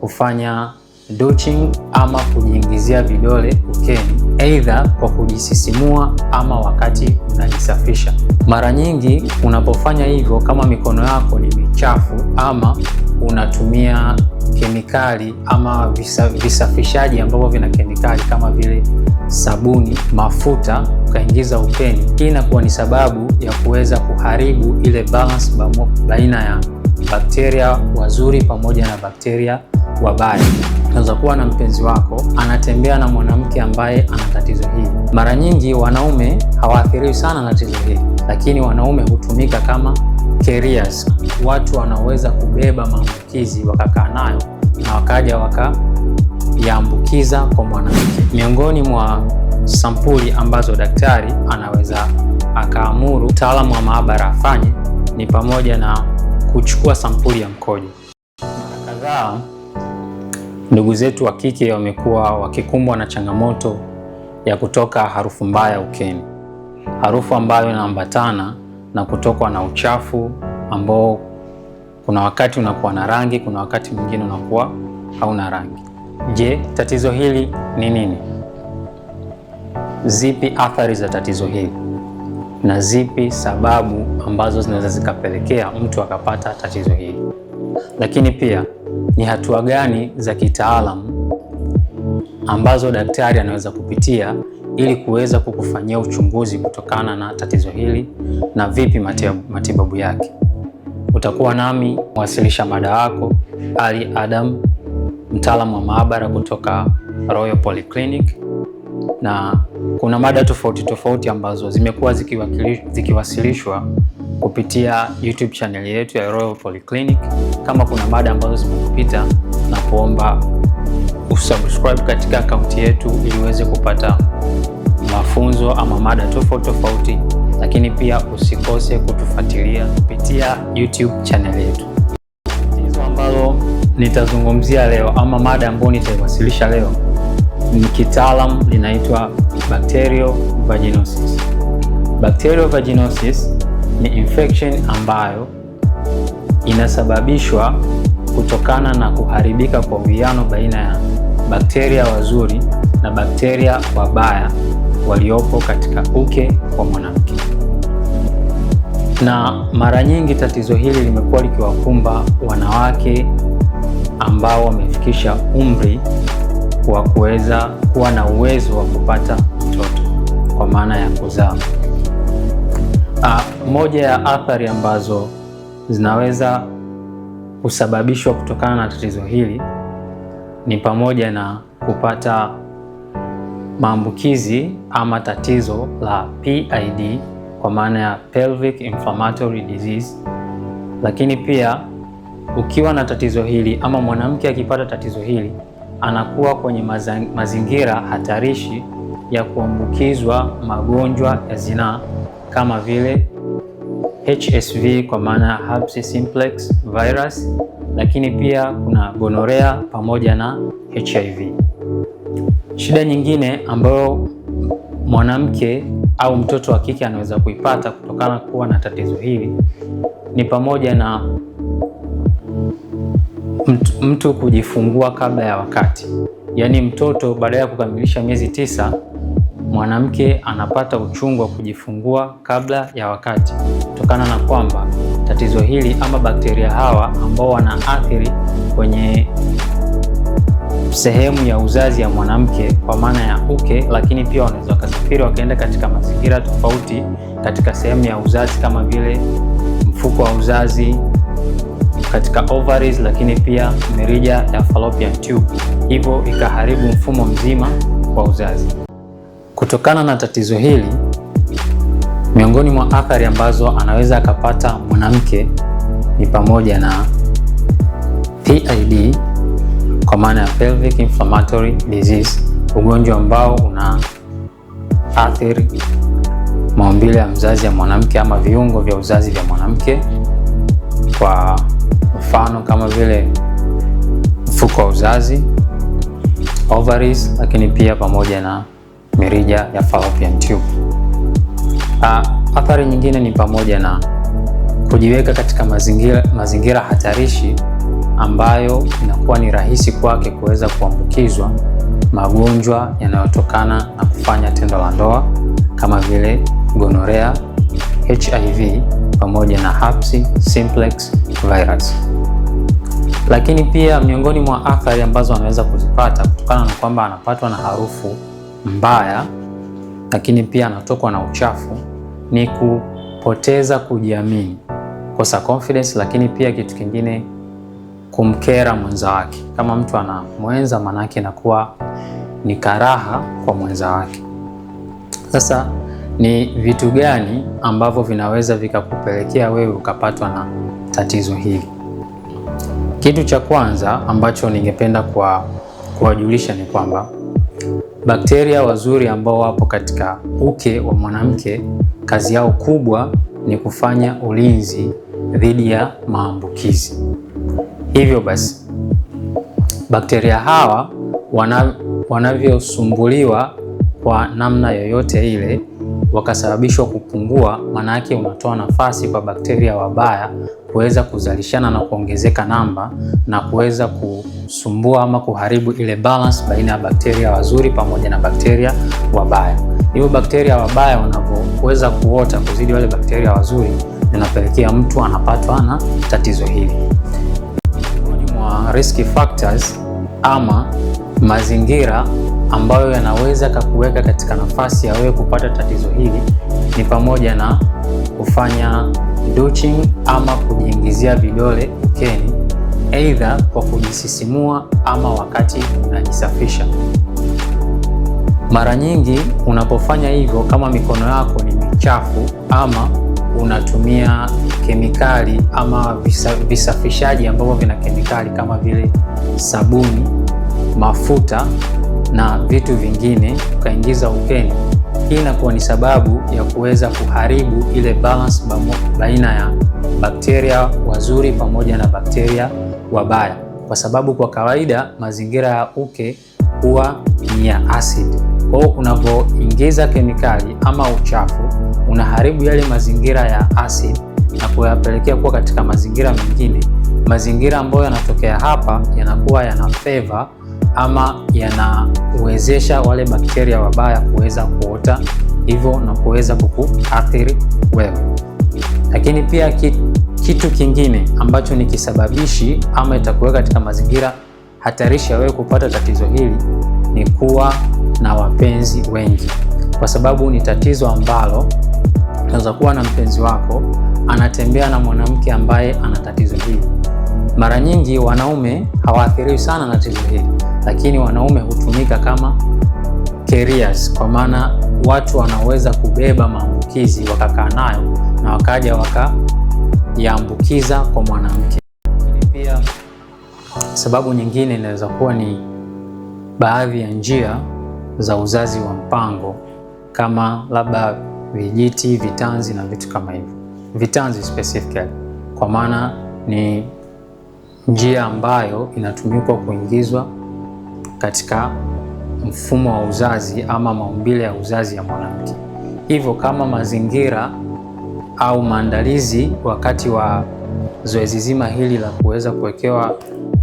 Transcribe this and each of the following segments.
kufanya doching ama kujiingizia vidole ukeni, aidha kwa kujisisimua ama wakati unajisafisha. Mara nyingi unapofanya hivyo, kama mikono yako ni michafu ama unatumia kemikali ama visa, visafishaji ambavyo vina kemikali kama vile sabuni, mafuta, ukaingiza ukeni, hii inakuwa ni sababu ya kuweza kuharibu ile balance baina ya bakteria wazuri pamoja na bakteria wabaya. Unaweza kuwa na mpenzi wako anatembea na mwanamke ambaye ana tatizo hili. Mara nyingi wanaume hawaathiriwi sana na tatizo hili, lakini wanaume hutumika kama carriers, watu wanaoweza kubeba maambukizi wakakaa nayo na wakaja wakayaambukiza kwa mwanamke. Miongoni mwa sampuli ambazo daktari anaweza akaamuru mtaalamu wa maabara afanye ni pamoja na kuchukua sampuli ya mkojo mara kadhaa Ndugu zetu wa kike wamekuwa wakikumbwa na changamoto ya kutoka harufu mbaya ukeni, harufu ambayo inaambatana na kutokwa na uchafu ambao kuna wakati unakuwa na rangi, kuna wakati mwingine unakuwa hauna rangi. Je, tatizo hili ni nini? Zipi athari za tatizo hili na zipi sababu ambazo zinaweza zikapelekea mtu akapata tatizo hili? Lakini pia ni hatua gani za kitaalamu ambazo daktari anaweza kupitia ili kuweza kukufanyia uchunguzi kutokana na tatizo hili na vipi matibabu yake. Utakuwa nami mwasilisha mada wako Ali Adam, mtaalamu wa maabara kutoka Royal Polyclinic, na kuna mada tofauti tofauti ambazo zimekuwa zikiwasilishwa kupitia YouTube channel yetu ya Royal Polyclinic. Kama kuna mada ambazo zimekupita, na kuomba usubscribe katika akaunti yetu ili uweze kupata mafunzo ama mada tofauti tofauti, lakini pia usikose kutufuatilia kupitia YouTube channel yetu. Tatizo ambalo nitazungumzia leo ama mada ambayo nitaiwasilisha leo ni kitaalam linaitwa bacterial vaginosis. Bacterial vaginosis ni infection ambayo inasababishwa kutokana na kuharibika kwa uwiano baina ya bakteria wazuri na bakteria wabaya waliopo katika uke wa mwanamke. Na mara nyingi tatizo hili limekuwa likiwakumba wanawake ambao wamefikisha umri wa kuweza kuwa na uwezo wa kupata mtoto kwa maana ya kuzaa. A, ah, moja ya athari ambazo zinaweza kusababishwa kutokana na tatizo hili ni pamoja na kupata maambukizi ama tatizo la PID kwa maana ya pelvic inflammatory disease, lakini pia ukiwa na tatizo hili ama mwanamke akipata tatizo hili anakuwa kwenye mazingira hatarishi ya kuambukizwa magonjwa ya zinaa kama vile HSV kwa maana herpes simplex virus, lakini pia kuna gonorea pamoja na HIV. Shida nyingine ambayo mwanamke au mtoto wa kike anaweza kuipata kutokana kuwa na tatizo hili ni pamoja na mtu kujifungua kabla ya wakati, yaani mtoto baada ya kukamilisha miezi tisa mwanamke anapata uchungu wa kujifungua kabla ya wakati kutokana na kwamba tatizo hili ama bakteria hawa ambao wanaathiri kwenye sehemu ya uzazi ya mwanamke kwa maana ya uke, lakini pia wanaweza wakasafiri wakaenda katika mazingira tofauti katika sehemu ya uzazi kama vile mfuko wa uzazi katika ovaries, lakini pia mirija ya fallopian tube, hivyo ikaharibu mfumo mzima wa uzazi. Kutokana na tatizo hili, miongoni mwa athari ambazo anaweza akapata mwanamke ni pamoja na PID kwa maana ya pelvic inflammatory disease, ugonjwa ambao una athiri maumbile ya mzazi ya mwanamke ama viungo vya uzazi vya mwanamke, kwa mfano kama vile mfuko wa uzazi, ovaries, lakini pia pamoja na mirija ya fallopian tube. Ah, athari nyingine ni pamoja na kujiweka katika mazingira, mazingira hatarishi ambayo inakuwa ni rahisi kwake kuweza kuambukizwa magonjwa yanayotokana na kufanya tendo la ndoa kama vile gonorea, HIV pamoja na herpes simplex virus. Lakini pia miongoni mwa athari ambazo anaweza kuzipata kutokana na kwamba anapatwa na harufu mbaya, lakini pia anatokwa na uchafu, ni kupoteza kujiamini, kosa confidence, lakini pia kitu kingine kumkera mwenza wake. Kama mtu ana mwenza, yake inakuwa ni karaha kwa mwenza wake. Sasa ni vitu gani ambavyo vinaweza vikakupelekea wewe ukapatwa na tatizo hili? Kitu cha kwanza ambacho ningependa kuwajulisha ni kwamba Bakteria wazuri ambao wapo katika uke wa mwanamke, kazi yao kubwa ni kufanya ulinzi dhidi ya maambukizi. Hivyo basi, bakteria hawa wanavyosumbuliwa kwa namna yoyote ile wakasababishwa kupungua, maana yake unatoa nafasi kwa bakteria wabaya kuweza kuzalishana na kuongezeka namba na kuweza kusumbua ama kuharibu ile balance baina ya bakteria wazuri pamoja na bakteria wabaya. Hivyo bakteria wabaya wanapoweza kuota kuzidi wale bakteria wazuri, inapelekea mtu anapatwa na tatizo hili. Miongoni mwa risk factors ama mazingira ambayo yanaweza kakuweka katika nafasi ya wewe kupata tatizo hili ni pamoja na kufanya douching ama kujiingizia vidole ukeni, aidha kwa kujisisimua ama wakati unajisafisha. Mara nyingi unapofanya hivyo, kama mikono yako ni michafu ama unatumia kemikali ama visa, visafishaji ambavyo vina kemikali kama vile sabuni, mafuta na vitu vingine tukaingiza ukeni, hii inakuwa ni sababu ya kuweza kuharibu ile balance baina ya bakteria wazuri pamoja na bakteria wabaya, kwa sababu kwa kawaida mazingira ya uke huwa ni ya acid. Kwa hiyo unavyoingiza kemikali ama uchafu unaharibu yale mazingira ya acid na kuyapelekea kuwa katika mazingira mengine. Mazingira ambayo yanatokea hapa yanakuwa yana favor ama yanawezesha wale bakteria wabaya kuweza kuota hivyo na kuweza kukuathiri wewe. Lakini pia kitu kingine ambacho ni kisababishi ama itakuweka katika mazingira hatarishi ya wewe kupata tatizo hili ni kuwa na wapenzi wengi, kwa sababu ni tatizo ambalo unaweza kuwa na mpenzi wako anatembea na mwanamke ambaye ana tatizo hili mara nyingi wanaume hawaathiriwi sana na tatizo hili, lakini wanaume hutumika kama carriers, kwa maana watu wanaoweza kubeba maambukizi wakakaa nayo na wakaja wakayaambukiza kwa mwanamke. Lakini pia sababu nyingine inaweza kuwa ni baadhi ya njia za uzazi wa mpango kama labda vijiti, vitanzi na vitu kama hivyo, vitanzi specifically, kwa maana ni njia ambayo inatumikwa kuingizwa katika mfumo wa uzazi ama maumbile ya uzazi ya mwanamke. Hivyo kama mazingira au maandalizi wakati wa zoezi zima hili la kuweza kuwekewa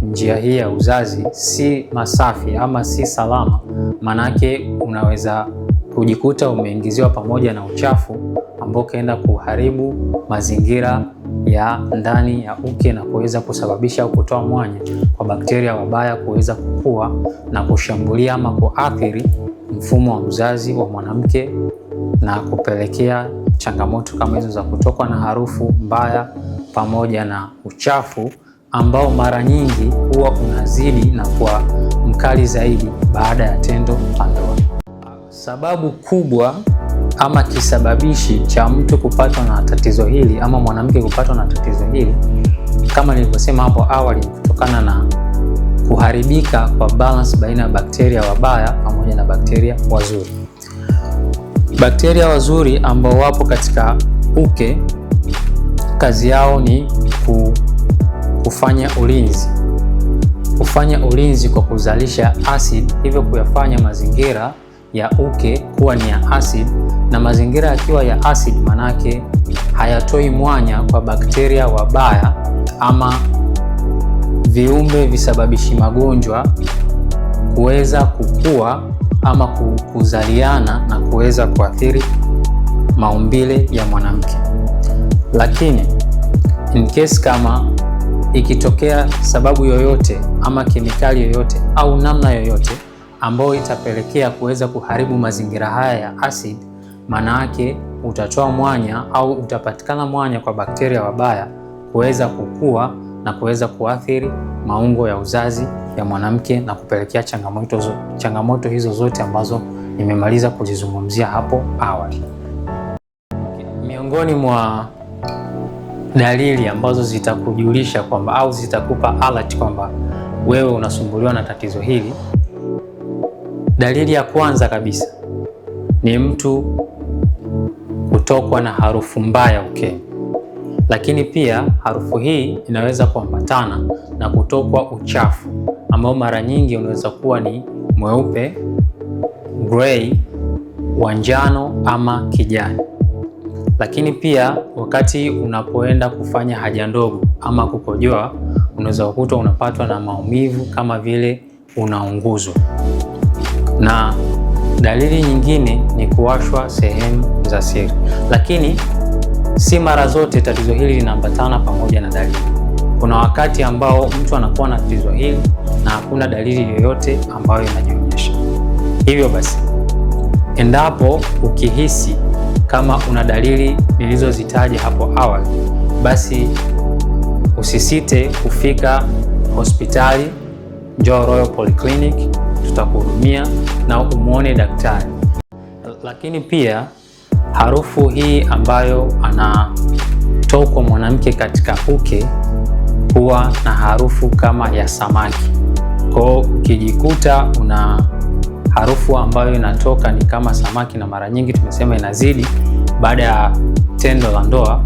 njia hii ya uzazi si masafi ama si salama, manake unaweza kujikuta umeingiziwa pamoja na uchafu ambao ukaenda kuharibu mazingira ya ndani ya uke na kuweza kusababisha au kutoa mwanya kwa bakteria wabaya kuweza kukua na kushambulia ama kuathiri mfumo wa uzazi wa mwanamke na kupelekea changamoto kama hizo za kutokwa na harufu mbaya pamoja na uchafu ambao mara nyingi huwa unazidi na kuwa mkali zaidi baada ya tendo la ndoa. Sababu kubwa ama kisababishi cha mtu kupatwa na tatizo hili ama mwanamke kupatwa na tatizo hili, kama nilivyosema hapo awali, kutokana na kuharibika kwa balance baina ya bakteria wabaya pamoja na bakteria wazuri. Bakteria wazuri ambao wapo katika uke, kazi yao ni kufanya ulinzi, kufanya ulinzi kwa kuzalisha acid, hivyo kuyafanya mazingira ya uke kuwa ni ya acid na mazingira yakiwa ya asidi, manake hayatoi mwanya kwa bakteria wabaya ama viumbe visababishi magonjwa kuweza kukua ama kuzaliana na kuweza kuathiri maumbile ya mwanamke. Lakini in case kama ikitokea sababu yoyote ama kemikali yoyote au namna yoyote ambayo itapelekea kuweza kuharibu mazingira haya ya asidi maana yake utatoa mwanya au utapatikana mwanya kwa bakteria wabaya kuweza kukua na kuweza kuathiri maungo ya uzazi ya mwanamke na kupelekea changamoto, changamoto hizo zote ambazo nimemaliza kuzizungumzia hapo awali. Miongoni mwa dalili ambazo zitakujulisha kwamba au zitakupa alert kwamba wewe unasumbuliwa na tatizo hili, dalili ya kwanza kabisa ni mtu kutokwa na harufu mbaya ukeni, lakini pia harufu hii inaweza kuambatana na kutokwa uchafu ambao mara nyingi unaweza kuwa ni mweupe, grey, wa njano ama kijani. Lakini pia wakati unapoenda kufanya haja ndogo ama kukojoa, unaweza kukuta unapatwa na maumivu kama vile unaunguzwa. Na dalili nyingine ni kuwashwa sehemu za siri, lakini si mara zote tatizo hili linaambatana pamoja na dalili. Kuna wakati ambao mtu anakuwa na tatizo hili na hakuna dalili yoyote ambayo inajionyesha. Hivyo basi, endapo ukihisi kama una dalili nilizozitaja hapo awali, basi usisite kufika hospitali. Njoo Royal Polyclinic, tutakuhudumia na umuone daktari. Lakini pia Harufu hii ambayo anatokwa mwanamke katika uke huwa na harufu kama ya samaki. Kwao ukijikuta una harufu ambayo inatoka ni kama samaki, na mara nyingi tumesema inazidi baada ya tendo la ndoa,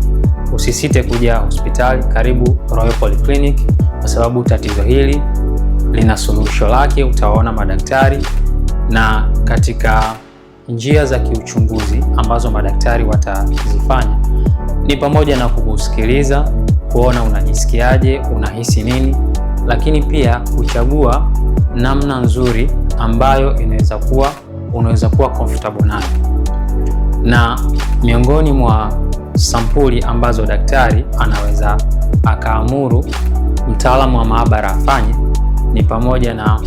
usisite kuja hospitali karibu Royal Polyclinic, kwa sababu tatizo hili lina suluhisho lake. Utawaona madaktari na katika Njia za kiuchunguzi ambazo madaktari watazifanya ni pamoja na kukusikiliza, kuona unajisikiaje, unahisi nini, lakini pia kuchagua namna nzuri ambayo inaweza kuwa unaweza kuwa comfortable nayo. Na miongoni mwa sampuli ambazo daktari anaweza akaamuru mtaalamu wa maabara afanye ni pamoja na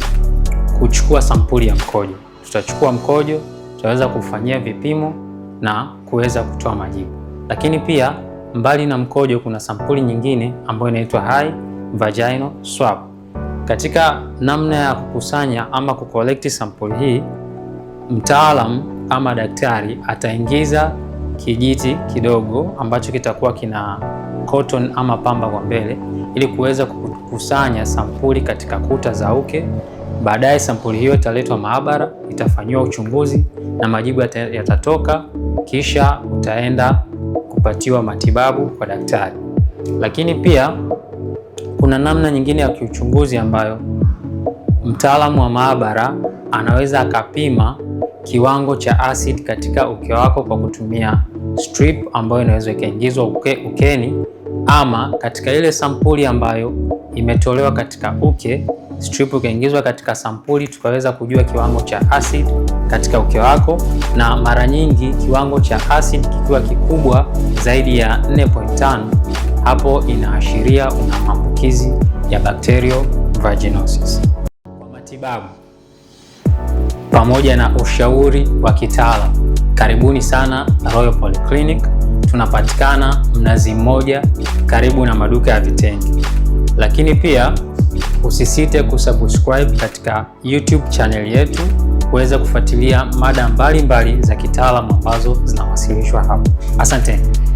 kuchukua sampuli ya mkojo. Tutachukua mkojo tutaweza kufanyia vipimo na kuweza kutoa majibu. Lakini pia mbali na mkojo, kuna sampuli nyingine ambayo inaitwa high vaginal swab. Katika namna ya kukusanya ama kukolekti sampuli hii, mtaalam ama daktari ataingiza kijiti kidogo ambacho kitakuwa kina cotton ama pamba kwa mbele, ili kuweza kukusanya sampuli katika kuta za uke Baadaye sampuli hiyo italetwa maabara, itafanyiwa uchunguzi na majibu yatatoka, kisha utaenda kupatiwa matibabu kwa daktari. Lakini pia kuna namna nyingine ya kiuchunguzi ambayo mtaalamu wa maabara anaweza akapima kiwango cha acid katika uke wako kwa kutumia strip ambayo inaweza ikaingizwa uke, ukeni ama katika ile sampuli ambayo imetolewa katika uke strip ukaingizwa katika sampuli, tukaweza kujua kiwango cha acid katika uke wako, na mara nyingi kiwango cha acid kikiwa kikubwa zaidi ya 4.5, hapo inaashiria una maambukizi ya bacterial vaginosis. Kwa matibabu pamoja na ushauri wa kitaalamu, karibuni sana Royal Polyclinic. Tunapatikana Mnazi Mmoja, karibu na maduka ya vitenge, lakini pia Usisite kusubscribe katika YouTube channel yetu kuweza kufuatilia mada mbalimbali mbali za kitaalamu ambazo zinawasilishwa hapo. Asanteni.